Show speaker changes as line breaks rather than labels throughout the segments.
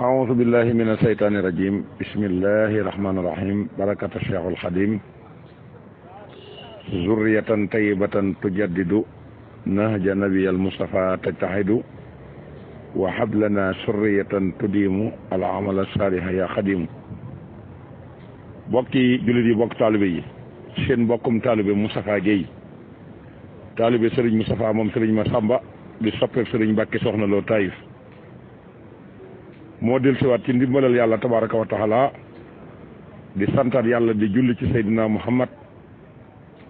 أعوذ بالله من الشيطان الرجيم بسم الله الرحمن الرحيم بركة الشيخ الخديم ذرية طيبة تجدد نهج نبي المصطفى تتحد وحب لنا سرية تديم العمل الصالح يا خديم bokki jullit yi bokk taalibe yi seen bokkum taalibe Moustapha Guèye taalibe Serigne Moustapha moom Serigne Massamba di soppeeb Serigne Mbacke soxna loo Taïf moo dellusiwaat ci ndimbalal yàlla tabaraka wa taala di santaat yàlla di julli ci Seydina Muhammad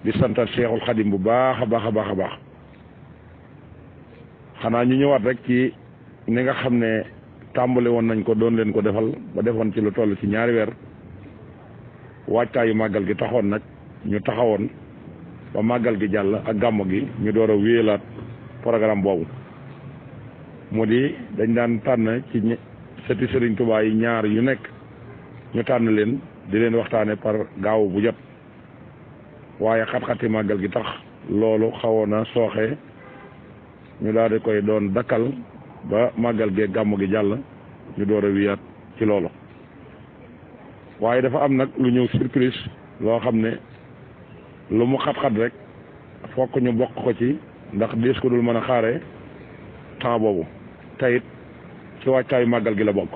di santaat Cheikhul Xadim bu baax a baax a baax a baax xanaa ñu ñëwaat rek ci ni nga xam ne tàmbale woon nañ ko doon leen ko defal ba defoon ci lu toll ci ñaari weer waajtaayu màggal gi taxoon nag ñu taxawoon ba màggal gi jàll ak gàmmu gi ñu door a wéyalaat programme boobu mu di dañ daan tànn ci sëti sëriñ Tuubaa yi ñaar yu nekk ñu tànn leen di leen waxtaane par gaaw bu jot waaye xat-xati màggal gi tax loolu xawoon na sooxe ñu daal di koy doon dakkal ba màggal gee gàmm gi jàll ñu door a wiyaat ci loolu waaye dafa am nag lu ñëw surprise loo xam ne lu mu xat-xat rek fokk ñu bokk ko ci ndax dees ko dul mën a xaare temps boobu tayit ci waajtaayu màggal gi la bokk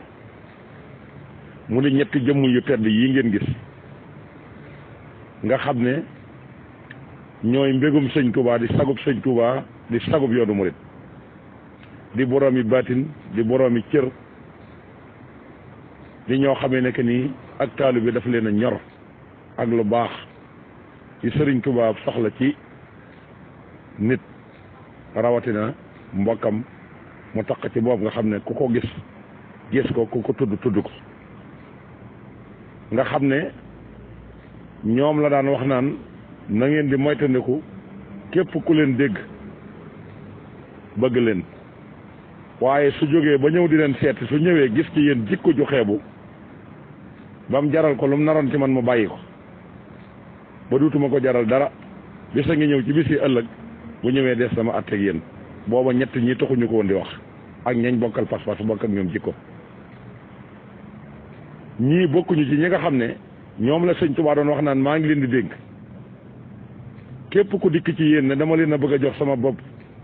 mu di ñetti jëmm yu tedd yi ngeen gis nga xam ne ñooy mbégum sëñ Touba di sagub sëñ Touba di sagub yoonu murit di boroomi baatin di boroomi cër di ñoo xamee ne que nii ak taalu bi daf leen a ñor ak lu baax ci sëriñ Touba soxla ci nit rawatina mbokkam mu taq ci boobu nga xam ne ku ko gis gis ko ku ko tudd tudd ko nga xam ne ñoom la daan wax naan na ngeen di moytandiku képp ku leen dégg bëgg leen waaye su jógee ba ñëw di leen seeti su ñëwee gis ci yéen jikko ju xeebu ba mu jaral ko lu mu naroon ci man mu bàyyi ko ba duutuma ko jaral dara bisa ngi ñëw ci si ëllëg bu ñëwee des sama àtteeg yéen booba ñett ñi taxuñu ko woon di wax ak ñañ bokkal pas-pas bokk ak ñoom jikko ñii bokkuñu ci ñi nga xam ne ñoom la sëñ Tuubaa doon wax naan maa ngi leen di dégg képp ku dikk ci yéen ne dama leen a bëgg a jox sama bopp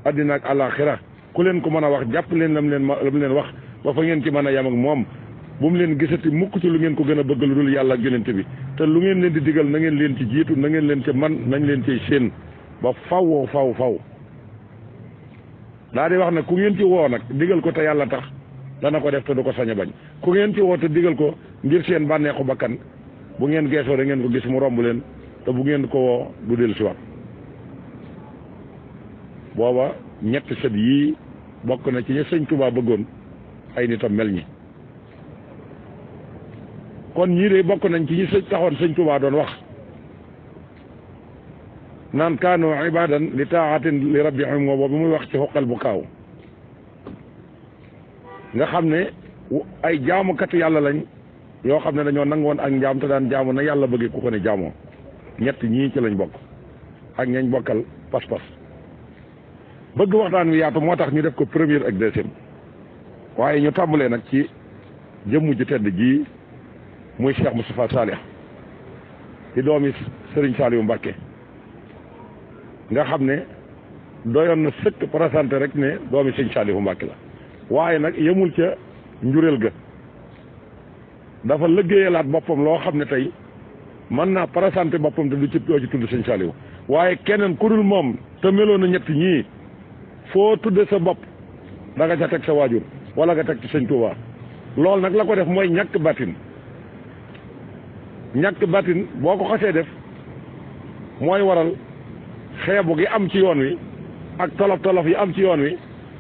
àddina ak àllaaxira ku leen ko mën a wax jàpp leen lam leen lam leen wax ba fa ngeen ci mën a yam ak moom bu mu leen gisati mukk ci lu ngeen ko gën a bëgg lu dul yàlla ak bi te lu ngeen leen di digal na ngeen leen ci jiitu na ngeen leen ci nañ leen ci seen ba faw faw faw daa di wax na ku ngeen ci woo nag digal ko te yàlla tax dana ko def te du ko sañ a bañ ku ngeen ci woo te digal ko ngir seen bànneexu bakkan bu ngeen geesoo da ngeen ko gis mu romb leen te bu ngeen ko woo du dellu si waat booba ñetti sët yii bokk na ci ña sëñ Tuubaa bëggoon ay nitam mel ñi kon ñii de bokk nañ ci ñi sëñ taxoon sëñ Tuubaa doon wax naan kaanu ibadan li taaxatin li rabbihim boobu muy wax ci xoqal bu kaaw nga xam ne ay jaamukatu yàlla lañ yoo xam ne dañoo nangoon ak njaam te daan jaamu na yàlla bëggee ku ko ne jaamoo ñett ñii ci lañ bokk ak ñañ bokkal pas-pas bëgg waxtaan wi yaatu moo tax ñu def ko première ak deuxième waaye ñu tàmbalee nag ci jëmm ju tedd ji muy Cheikh Moustapha Salih di doomi Serigne Saliou Mbacké nga xam ne doyoon na sëkk présenté rek ne doomi sëñ Saalihu Mbàkke la waaye nag yemul ca njureel ga dafa liggéeyalaat boppam loo xam ne tey mën naa présenté boppam te du ci doo ci tudd sëñ Saalihu waaye keneen ku dul moom te meloon na ñett ñii foo tudde sa bopp danga nga ca teg sa waajur wala nga teg ci sëñ Tuubaa loolu nag la ko def mooy ñàkk battin ñàkk batin boo ko xasee def mooy waral xeebu gi am ci yoon wi ak tolof tolof yi am ci yoon wi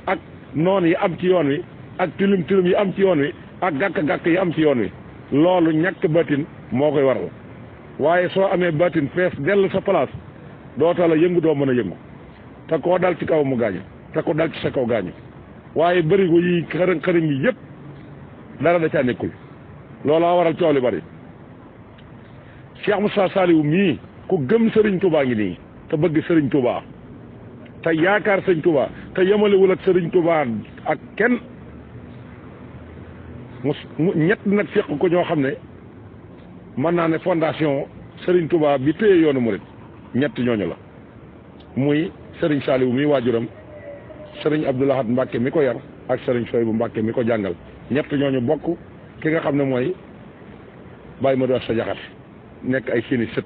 ak noon yi am ci yoon wi ak tilim tilim yi am ci yoon wi ak gàkk-gàkk yi am ci yoon wi loolu ñàkk batin moo koy waral waaye soo amee batin fees dell sa place doota la yëngu doo mën a yëngu te koo dal ci kaw mu gaañu te ko dal ci sa kaw gaañu waaye bërigo yi xërëng xërëng yi yëpp dara da caa nekkul loolaa waral coow li bari Cheikh Moussa Saliou mii ku gëm Serigne baa ngi nii te bëgg sëriñ Touba te yaakaar sëriñ Touba te yemalewul ak sëriñ Touba ak kenn mu ñett nag fekk ko ñoo xam ne mën naa ne fondation sëriñ Touba bi téye yoonu murit ñett ñooñu la muy sëriñ Saliou mi waajuram sëriñ Abdou Lahad Mbacke mi ko yar ak sëriñ Soy bu Mbacke mi ko jàngal ñett ñooñu bokk ki nga xam ne mooy bàyyi ma doon sa jaxat nekk ay seeni sët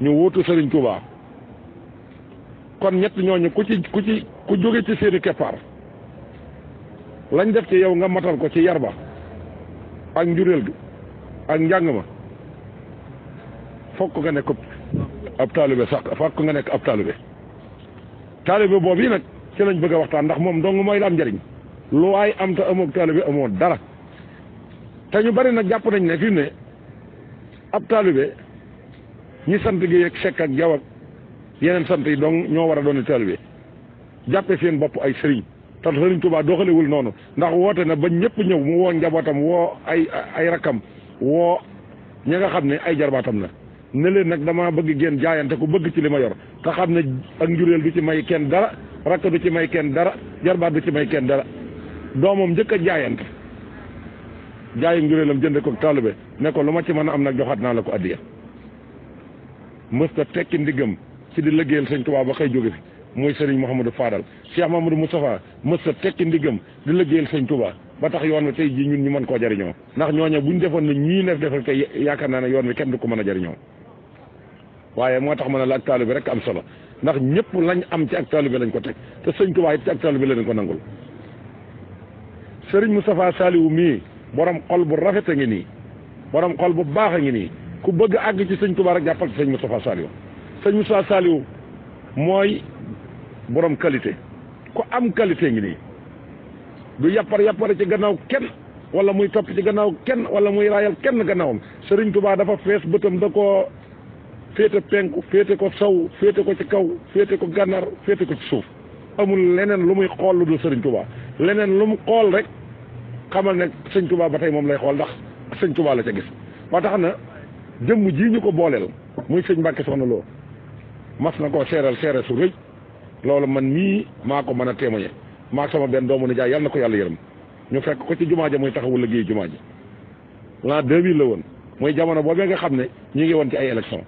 ñu wuutu Serigne Touba kon ñett ñooñu ku ci ku ci ku jóge ci seeni keppaar lañ def ci yow nga matal ko ci yarba ak njuréel gi ak njàng ma fokk nga nekk ab taalibe sax fokk nga nekk ab taalibe taalibe boobu yi nag ci lañ bëgg a waxtaan ndax moom dong mooy la am njariñ lu waay am te amoog taalibe amoo dara te ñu bari nag jàpp nañ ne fi mu ne ab taalibe ñi sant gi ak sekk ak jaw yeneen sant yi donc ñoo war a doon taalibe jàppe seen bopp ay sëriñ te sëriñ Tuubaa doxalewul noonu ndax woote na ba ñëpp ñëw mu woo njabootam woo ay ay rakkam woo ñi nga xam ne ay jarbaatam la ne leen nag dama bëgg genn jaayante ku bëgg ci li ma yor te xam ne ak njuréel du ci may kenn dara rakk du ci may kenn dara jarbaat du ci may kenn dara doomam njëkk a jaayante jaayi njuréelam jënd ko taalibe ne ko lu ma ci mën a am nag joxaat naa la ko addiya mës ta tekki ndiggam si di liggéeyal sëñ Tuubaa ba xëy jóge fi muy sëriñ Mouhamadou Fadal Cheikh Mamadou Moustapha mës ta tekki ndiggam di liggéeyal sëñ Tuubaa ba tax yoon wi tey jii ñun ñu mën koo jariñoo ndax ñooñu buñ defoon ne ñii nef defal tey yaakaar naa ne yoon wi ko mën a jariñoo waaye moo tax mën a la ak taalibe rek am solo ndax ñëpp lañ am ci ak taalibe lañ ko teg sëñ Tuubaa it ci ak taalibe lañ ko nangul sëriñ Moustapha Saliou mii borom xol bu rafet a ngi nii borom xol bu baax a ngi nii ku bëgg àgg ci sëñ Tuubaa rek jàppal ci sëñ Moustapha Saliou sëñ Moustapha Saliou mooy borom qualité ku am qualité ngi nii du yàppar yàppare ci gannaaw kenn wala muy topp ci gannaaw kenn wala muy raayal kenn gannaawam sëriñ Tuubaa dafa fees bëtam da koo féete penku féete ko saw féete ko ci kaw féete ko gànnaar féete ko ci suuf amul leneen lu muy xool lu dul sëriñ Tuubaa leneen lu mu xool rek xamal ne sëñ Tuubaa ba tey moom lay xool ndax sëñ Tuubaa la ca gis jëmm jii ñu ko booleel muy sëñ Mbàkke soxna loo mas na ko seeral seere su rëy loolu man mii maa ko mën a témoigné maa sama benn doomu ne jaay yàlla na ko yàlla yërëm ñu fekk ko ci jumaa ja muy taxawul géey jumaa ji l'an 2000 la woon mooy jamono boobee nga xam ne ñu ngi woon ci ay élection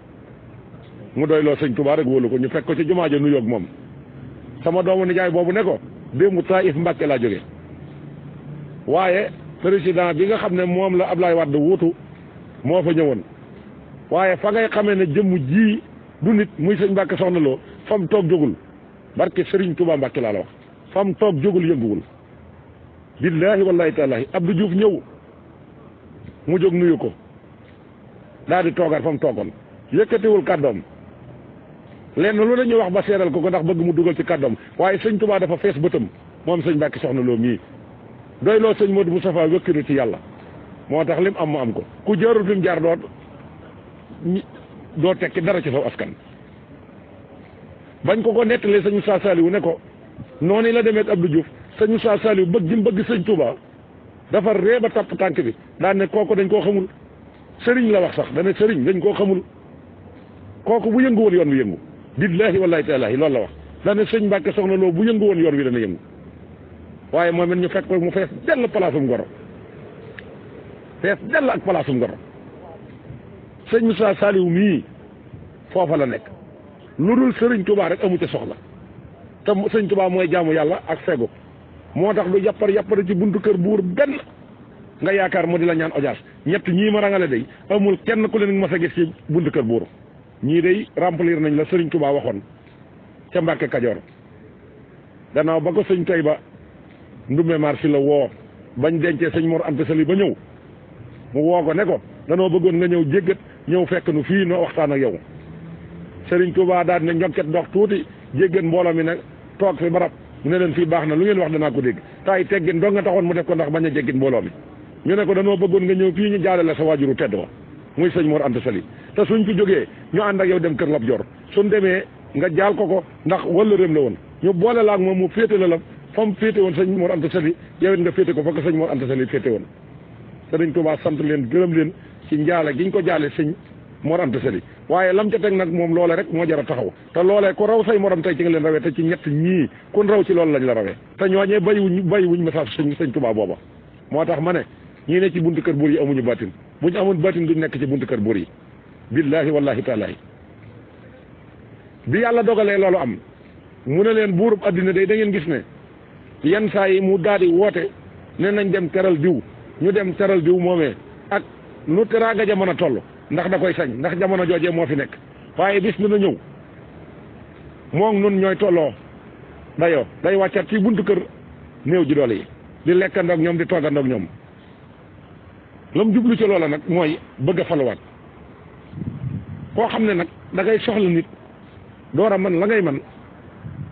mu doy loo sëñ Tuubaa rek wóolu ko ñu fekk ko ci jumaa ja nuyoo ak moom sama doomu nijaay boobu ne ko démb Taif Mbàkke laa jóge waaye président bi nga xam ne moom la Ablaye Wade wuutu moo fa ñëwoon waaye fa ngay xamee ne jëmm ji du nit muy sëñ Mbàkke soxna loo fam toog jógul barke Serigne Touba Mbàkke laa la wax fam toog jógul yënguwul billaahi wallaahi taalaahi Abdou Diouf ñëw mu jóg nuyu ko daal di toogaat fa mu toogoon yëkkatiwul kàddoom lenn lu dañuy wax ba seeral ko ko ndax bëgg mu dugal ci kàddoom waaye sëñ Touba dafa fees bëtam moom sëñ Mbàkke soxna loo mii doy loo sëñ Modou Moustapha wëkkilu ci yàlla moo tax lim am mu am ko ku jaarul doo tekki dara ci saw askan bañ ko ko nettalee sañu Moussa Saliou ne ko noonu la demee ak Abdou Diouf sëñ Moussa Saliou bëgg jëm bëgg sëñ Touba dafa ree ba tàpp tànk bi daan ne kooku dañ koo xamul sëriñ la wax sax dane sëriñ dañ koo xamul kooku bu yëngu woon yoon wi yëngu billaahi wallaahi taalaahi loolu la wax daane sëñ Mbàkke soxna loo bu yëngu woon yoon wi dana yëngu waaye moom it ñu fekk ko mu fees dell palaasum goro fees dell ak palaasum goro sëñ sa Saliou mii foofa la nekk lu dul sëriñ Touba rek amu ca soxla te sëñ Touba mooy jaamu yàlla ak fegu moo tax du yàppar yàppar ci buntu kër buur benn nga yaakaar moo di la ñaan audience ñett ñii ma rangale day amul kenn ku leen mas a gis ci buntu kër buur ñii day remplir nañ la sëriñ Touba waxoon ca Mbàkke Kajoor gannaaw ba ko sëñ Tayba Ndumbe Mar si la woo bañ dencee sëñ Mor Anta Sali ba ñëw mu woo ko ne ko danoo bëggoon nga ñëw jéggat ñëw fekk nu fii noo waxtaan ak yow Serigne Touba daal ne ñokket ndox tuuti jéggan mbooloo mi nag toog fi barab mu ne leen fii baax na lu ngeen wax danaa ko dégg tay teggin dong nga taxoon mu def ko ndax bañ a jéggin mbooloo mi ñu ne ko danoo bëggoon nga ñëw fii ñu jaale la sa waajuru tedd wa muy sëñ Mor Anta Sali te suñ fi jógee ñu ànd ak yow dem kër Lat Joor suñ demee nga jaal ko ko ndax wala rém la woon ñu boole la ak moom mu féete la la fa mu féete woon sëñ Mor Anta Sali yow it nga féete ko fa ko sëñ Mor Anta Sali féete woon Sëriñ Tuubaa sant leen gërëm leen ci njaale giñ ko jaale sëñ Mor Anta Sali waaye lam ca teg nag moom loole rek moo jar a taxaw te loolee ku raw say morom tey ci nga leen rawee te ci ñett ñii kun raw la rawee te ñooñee bay wuñ bay wuñ message sëñ booba moo tax ma ne ñii ne ci buntu kër buur yi amuñu baatin buñ amoon baatin duñ nekk ci buntu kër buur yi billaahi wallaahi taalaahi bi yàlla dogalee loolu am mu ne leen buurub addina day da ngeen gis ne yenn saa yi mu daal di woote ne nañ dem teral diw ñu dem teral diw moomee ak nu teraanga jamono toll ndax da koy sañ ndax jamono joojee moo fi nekk waaye bis na ñëw moom nun ñooy tolloo dayoo day wàccat ci buntu kër néew ji doole yi di lekkandoog ñoom di togga toggandoog ñoom lam jublu ci loola nag mooy bëgg a faluwaat koo xam ne nag dangay soxla nit door a man la ngay man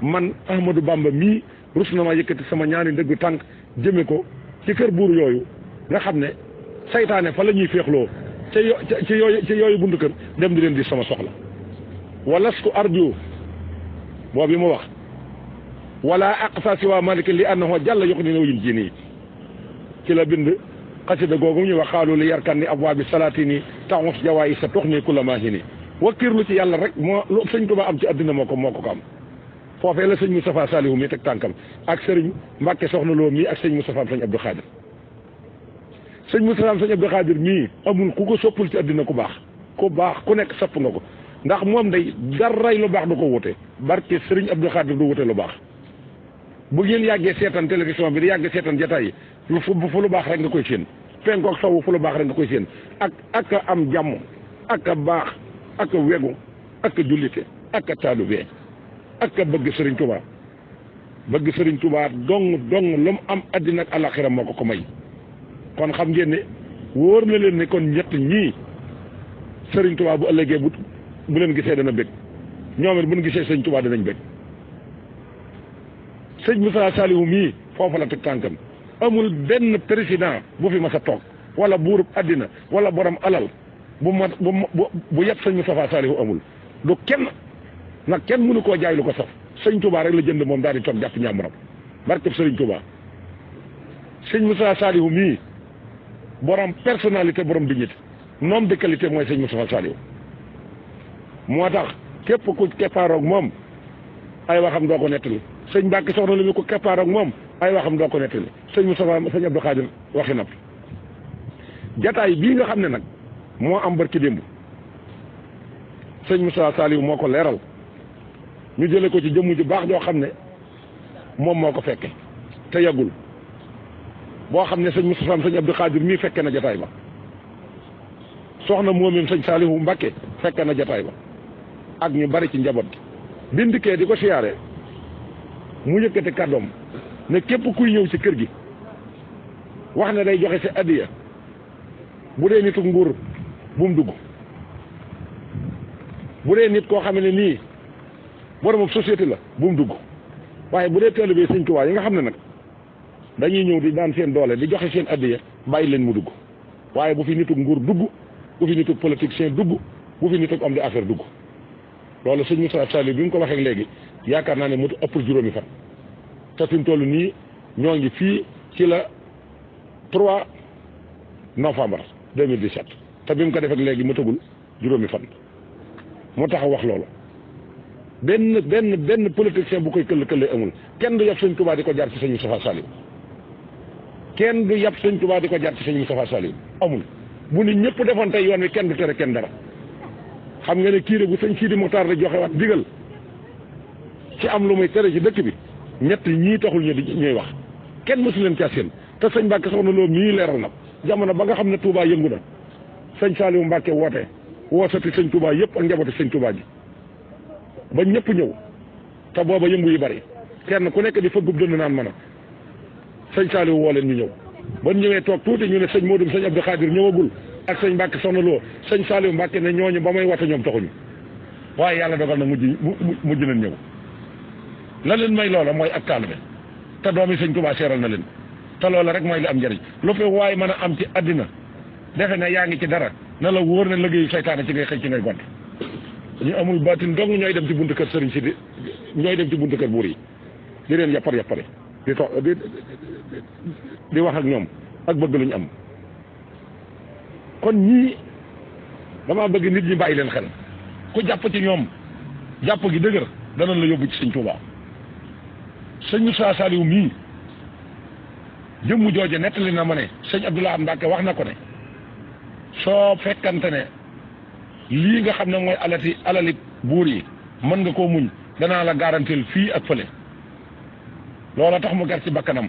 man Ahmadou Bamba mii rus na ma yëkkati sama ñaari ndëggu tànk jëme ko ci kër buur yooyu nga xam ne seytaane fa la ñuy féexloo ca yo ci yooyu ci yooyu buntu kër dem di leen di sama soxla wala sku arju boobu mu wax wala aqsa siwa malik li annahu jàlla yox ni nawyin ji nii ci la bind xasida googu ñu wax xaalu li yarkan ni abwaabi salaati ni taxus jawaayi sa tox ni kulama hi ni wakkirlu ci yàlla rek moo lu sëñ Tuubaa am ci àddina moo ko moo ko ko am foofee la sëñ Moustapha Salihu mi teg tànkam ak sëriñ Mbàkke soxna loo mii ak sëñ Moustapha am sëñ Abdou sëñ Moussa Name sëñ Abdou Khadir mii amul ku ko soppul ci àddina ku baax ku baax ku nekk sopp nga ko ndax moom day daray lu baax du ko wute barke sëriñ Abdou Khadir du wute lu baax bu ngeen yàggee seetaan télévision bi di yàggee seetaan jataay yi lu fu fu lu baax rek nga koy séen penkook sawu fu lu baax rek nga koy séen ak ak am jàmm ak a baax ak a wegu ak jullite ak a taalubee ak bëgg sëriñ Touba bëgg sëriñ tubaa dong dong lu mu am àddina ak alaxira moo ko ko may kon xam ngeen ne wóor na leen ni kon ñett ñii sëriñ tubaa bu ëllëgee bu bu leen gisee dana bëgg ñoom it bu ñu gisee sëriñ tubaa danañ bëgg sëñ Moussa Saliou mii foofu la teg tànkam amul benn président bu fi ma a toog wala buurub àddina wala borom alal bu ma bu bu yàpp sëñ Moustapha Saliou amul du kenn nag kenn mënu koo jaay lu ko saf sëñ Touba rek la jënd moom daal di toog jàpp ñàmburam barkeb sëriñ Touba sëñ Moustapha Saliou mii borom personnalité borom dignité nom de qualité mooy sëñ Moustapha Saliou moo tax képp ku keppaaroog moom ay waxam doo ko netti sëñ Mbàkke soxna li mu ko keppaaroog moom ay waxam doo ko nettali sëñ Moustapha sëñ Abdou Khadir waxi noppi jataay bii nga xam ne nag moo am barki démb sëñ Moustapha Saliou moo ko leeral ñu jële ko ci jëmm ju baax joo xam ne moom moo ko fekke te yàggul boo xam ne sëñ Moustapha sëñ Abdou Khadir mii fekke na jataay ba soxna moomim sëñ Saalihu Mbakke fekke na jataay ba ak ñu bari ci njaboot gi bindikee di ko siyaare mu yëkkati kàddoom ne képp kuy ñëw ci kër gi wax ne day joxe si addiya bu dee nitu nguur bu mu dugg bu dee nit koo xam ne nii boromam société la bu mu dugg waaye bu dee taalibe Sëñ Tuubaa yi nga xam ne nag dañuy ñëw di daan seen doole di joxe seen addiya bàyyi leen mu dugg waaye bu fi nitug nguur dugg bu fi nitug politicien dugg bu fi nitug homme d'affaires dugg loolu sëñ sa Sall bi mu ko waxee léegi yaakaar naa ne mu ëpp juróomi fan te fi mu toll nii ñoo ngi fii ci la 3 novembre 2017 te bi mu ko defee léegi mu tëgul juróomi fan mu tax wax loolu benn benn benn politicien bu koy këll këllee amul kenn du yab sëñ Tuubaa di ko jaar ci sëñ Moussa Sall kenn du yab sëñ tubaa di ko jar ci sëñ Moustapha Saliou amul bu ni ñëpp defoon tey yoon kenn du tere kenn dara xam nga ne kii de bu sëñ Sidi Muxtaar la joxe waat digal am lu muy tere ci dëkk bi ñett ñii taxul ñu di wax kenn mësu leen caa seen te sëñ Mbàkke soxna loolu mii na jamono ba nga xam ne Touba yëngu na sëñ Saliou Mbàkke woote woosati sëñ Touba yëpp ak njabootu sëñ Touba ji ba ñëpp ñëw te booba yëngu yi bari kenn ku nekk di fëggub dënd naan mën sëñ Saliou woo leen ñu ñëw ba ñu ñëwee toog tuuti ñu ne sëñ Modou sëñ Abdou Khadir ñëwagul ak sëñ Mbacke soxna Lo sëñ Saliou Mbacke ne ñooñu ba may wata ñoom taxuñu waaye yàlla dogal na mujj mujj nañ ñëw la leen may loola mooy ak taalibe te doomi sëñ Touba seeral na leen te loola rek mooy li am njëriñ lu fi waaye man a am ci àddina defe na yaa ngi ci dara na la wóor ne liggéeyu seytaane ci ngay xëy ci ngay gont ñu amul baatin dong ñooy dem ci buntu kër sëriñ si di ñooy dem ci buntu kër buur yi di leen yàppar yàppare di to di wax ak ñoom ak bëgg lu am kon ñii damaa bëgg nit ñi bàyyi leen xel ku jàpp ci ñoom jàpp gi dëgër danañ la yóbbu ci sëñ Tuubaa sëñ Moussa Saliou mii jëmm jooje nettali na ma ne sëñ am Mbacke wax na ko ne soo fekkante ne lii nga xam ne mooy alati alali buur yi mën nga koo muñ danaa la garantil fii ak fële loola tax mu gar ci bakkanam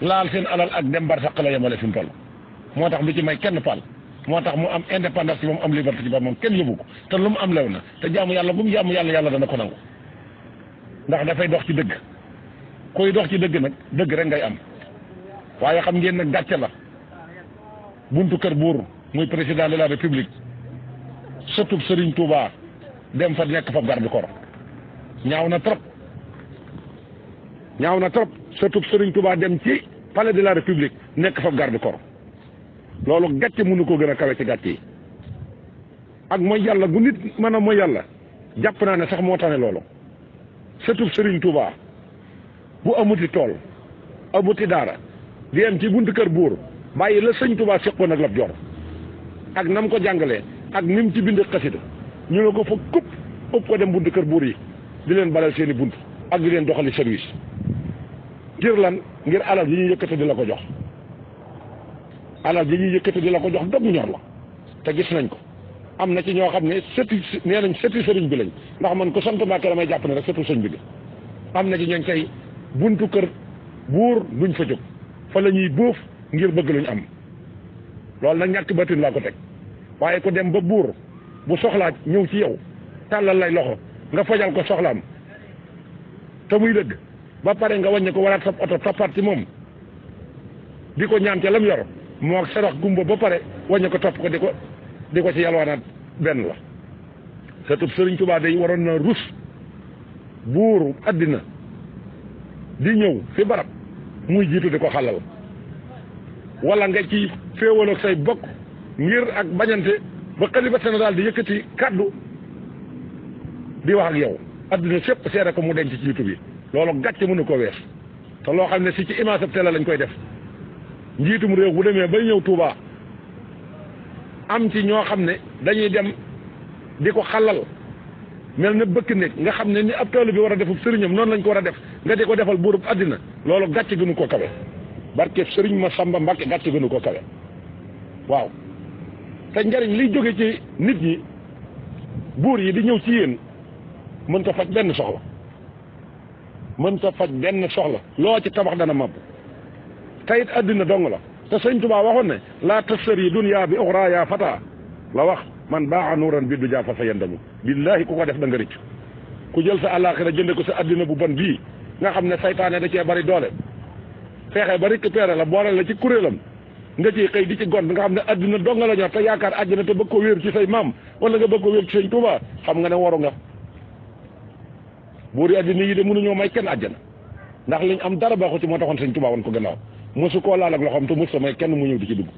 laal seen alal ak dem barsàq la yemale fi mu toll moo tax lu ci may kenn paal moo tax mu am indépendance ci moom am liberté ci ba moom kenn yóbbu ko te lu mu am lew na te jaamu yàlla bu mu jaamu yàlla yàlla dana ko nangu ndax dafay dox ci dëgg koy dox ci dëgg nag dëgg rek ngay am waaye xam ngeen nag gàcce la buntu kër buur muy président de la république surtout sëriñ Touba dem fa nekk fa garde corps ñaaw na trop ñaaw na trop surtout Serigne Touba dem ci palais de la république nekk fa garde corps loolu gàcce mënu ko gën a kawe ci gàcce yi ak mooy yàlla gu nit mën a mooy yàlla jàpp naa ne sax moo tane loolu surtout sëriñ Touba bu amuti tool amuti daara di yem ci buntu kër buur bàyyi la sëñ Touba seqoon ak lab jor ak nam ko jàngale ak nim ci bind xasida ñu ne ko fa kupp ëpp ko dem buntu kër buur yi di leen balal seen bunt ak di leen doxali service ngir lan ngir alal yi ñuy yëkkati di la ko jox alal yi ñuy yëkkati di la ko jox dog ñor la te gis nañ ko am na ci ñoo xam ne sëti nee nañ sëti sëriñ bi lañ ndax man ko sant Mbàkke damay jàpp ne rek sëtu sëñ bi la am na ci ñooñ kay buntu kër buur duñ fa jóg fa la ñuy bóof ngir bëgg luñ am loolu na ñàkk batin laa ko teg waaye ku dem ba buur bu soxlaat ñëw ci yow tàllal lay loxo nga fajal ko soxlaam te muy dëgg ba pare nga wàññi ko waraat sa oto toppaat ci moom di ko ñaan ca lam yor moo ak sarax gumba ba pare wàññi ko topp ko di ko di ko ci yalwaanaat benn la satub sëriñ Tuubaa day waroon na rus buuru àddina di ñëw fi barab muy jiitu di ko xalal wala nga ci féewal say bokk ngir ak bañante ba xalifa général di yëkkati kàddu di wax ak yow àddina sépp seere ko mu denc ci jiitu bi loolu gàcce mënu ko wees te loo xam ne si ci image ab télé lañ koy def njiitum réew bu demee bay ñëw tuuba am ci ñoo xam ne dañuy dem di ko xalal mel na bëkk nekk nga xam ne ni ab toolu bi war a defub sëriñam noonu lañ ko war a def nga di ko defal buurub àddina loolu gàcc gënu ko kawe barke sëriñ ma Samba Mbàkke gàcce gënu ko kawe waaw te njariñ li jóge ci nit ñi buur yi di ñëw ci yéen mën ko faj benn soxla mën sa faj benn soxla loo ci tabax dana mab tayit addina dong la te sëñ Tuubaa waxoon ne laa tashtari dunya bi uxraa yaa fataa la wax man baa nuuran bi du jaa fa sa yendamu billaahi ku ko def da nga rëcc ku jël sa àllaaxira jënde ko si àddina bu bon bii nga xam ne saytaane da cee bari doole fexe ba récupéré la boole la ci kuréelam nga ciy xëy di ci gont nga xam ne àddina dong la ñor te yaakaar na te bëgg ko wéer ci say maam wala nga bëgg ko wéer ci xam nga ne waru nga buur yi àddina yi de mënuñoo may kenn àjjana ndax liñ am dara baaxu ci moo taxoon sëñ Tuubaa woon ko gannaaw mosu koo laal ak loxoom te mosu may kenn mu ñëw di ci dugg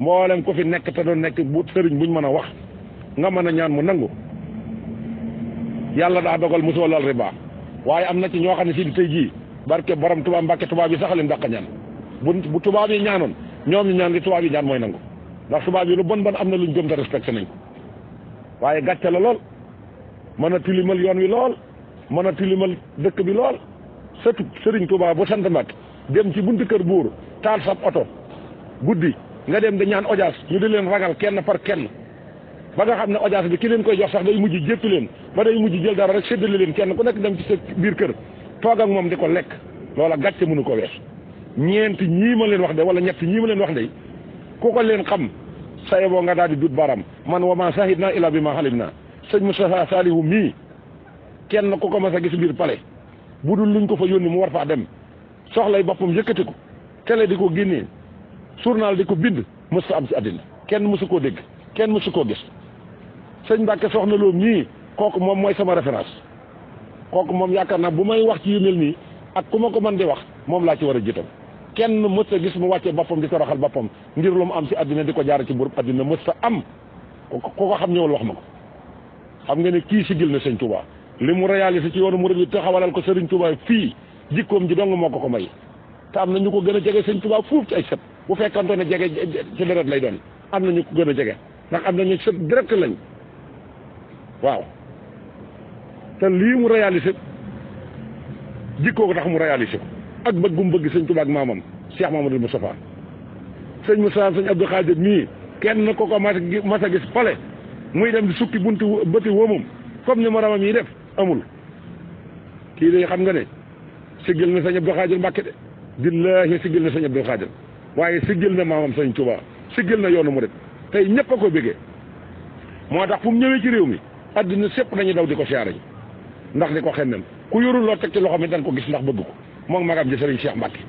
mboolem ku fi nekk te doon nekk bu sëriñ buñ mën a wax nga mën a ñaan mu nangu yàlla daa dogal mosoo laal riba waaye am na ci ñoo xam ne si di tey jii barke borom Tuubaa Mbàkke tubaab yi sax leen dàq ñaan bu tubaab yi ñaanoon ñoom ñu ñaan li tubaab yi ñaan mooy nangu ndax tubaab yi lu bon bon am na luñ gëm te respecté nañ waaye gàcce la lool mën a tilimal yoon wi lool mën a tilimal dëkk bi lool sëtu sëriñ Tuubaa bu sant Mbàkke dem ci buntu kër buur taal sab oto guddi nga dem di ñaan audience ñu di leen ragal kenn par kenn ba nga xam ne audience bi ki leen koy jox sax day mujj jéppi leen ba day mujj jël dara rek séddale leen kenn ku nekk dem ci sa biir kër toog ak moom di ko lekk a gàcce mënu ko wees ñeenti ñii ma leen wax de wala ñetti ñii ma leen wax de ku ko leen xam sa boo nga daal di dut baram man wa ma sahid naa ila bi ma xalim naa sëñ Moustapha kenn ku ko mas a gis biir palais bu dul luñ ko fa yónni mu war faa dem soxlay boppam yëkkati ko télé di ko génnee journal di ko bind mës sa am si àddina kenn mësu koo dégg kenn mësu koo gis sëñ Mbàkke soxna loom ñii kooku moom mooy sama référence kooku moom yaakaar naa bu may wax ci yu ak ku ma ko mën di wax moom laa ci war a jiital kenn mës gis mu wàccee boppam di boppam ngir lu mu am si àddina di ko jaara ci burub àddina mës am ku ko xam ñëwal wax ma ko xam nga ne kii sigil na sëñ Tuubaa li mu réalisé ci yoonu murid bi taxawalal ko Serigne Touba fii jikkoom ji dong moo ko ko may te am na ñu ko gën a jege Serigne Touba fuuf ci ay sët bu fekkante ne jege ci deret lay doon am na ñu ko gën a jege ndax am na ñu sët direct lañ waaw te lii mu réalisé jikkoo ko tax mu réalisé ko ak bëggum bëgg Serigne Touba ak maamam Cheikh Mamadou Moustapha sëñ Moussa sëñ Abdou Khadir mii kenn ko ko mas a gis pale muy dem di sukki bunti bëti wóomam comme ni moromam yi amul kii day xam nga ne siggil na sëñ Abdou Khadir Mbàkke de billaahi siggil na sëñ Abdou Khadir waaye siggil na maamam sëñ Tuubaa siggil na yoonu mu dem tey ñëpp a ko bëggee moo tax fu mu ñëwee ci réew mi adduna sépp nañu daw di ko siyaare ndax di ko xemmem ku yorul loo teg ci xam mi dañ ko gis ndax bëgg ko moom magam ji sëriñ Cheikh Mbàkke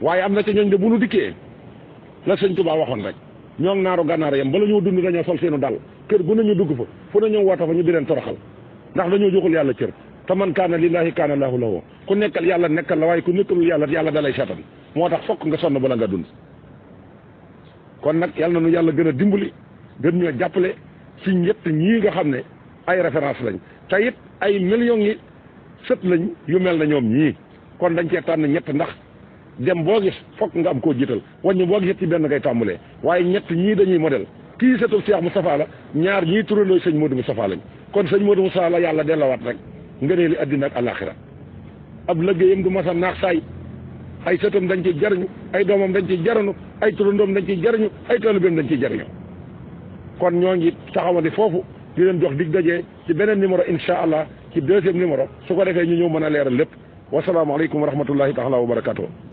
waaye am na ca ñooñ de bu nu dikkee la sëñ Tuubaa waxoon rek ñoom naaru gànnaar yam bala ñoo dund dañoo sol seenu dal kër gu nañu dugg fa fu na ñëw wata fa ñu di leen toroxal ndax dañoo joxul yàlla cër te man kaana lillahi kaana lahu lahu ku nekkal yàlla nekkal la waaye ku nekkalul yàlla yàlla dalay satan moo tax fokk nga sonn bala nga dund kon nag yàlla na nu yàlla gën a dimbali gën ñoo jàppale ci ñett ñii nga xam ne ay référence lañ te ay millions yi sët lañ yu mel na ñoom ñii kon dañ cee tànn ñett ndax dem boo gis fokk nga am koo jiital wàññi boo gis ci benn ngay tàmbalee waaye ñett ñii dañuy modèle kii setul Cheikh Moustapha la ñaar ñii turandoo sëñ Modou Moustapha lañ kon sëñ Modou Moustapha la yàlla dellawaat rek ngënee li addina ak àlaxira ab liggéeyam du mas a naax saay ay sëtam dañ ciy jariñu ay doomam dañ ci jariñu ay turandoom dañ ciy jariñu ay taalibeem dañ ciy jariñu kon ñoo ngi taxawandi foofu di leen jox dig dajee ci beneen numéro incha allah ci deuxième numéro su ko defee ñu ñëw mën a leeral lépp wasalaamaaleykum wa rahmatullahi taala wa barakatuh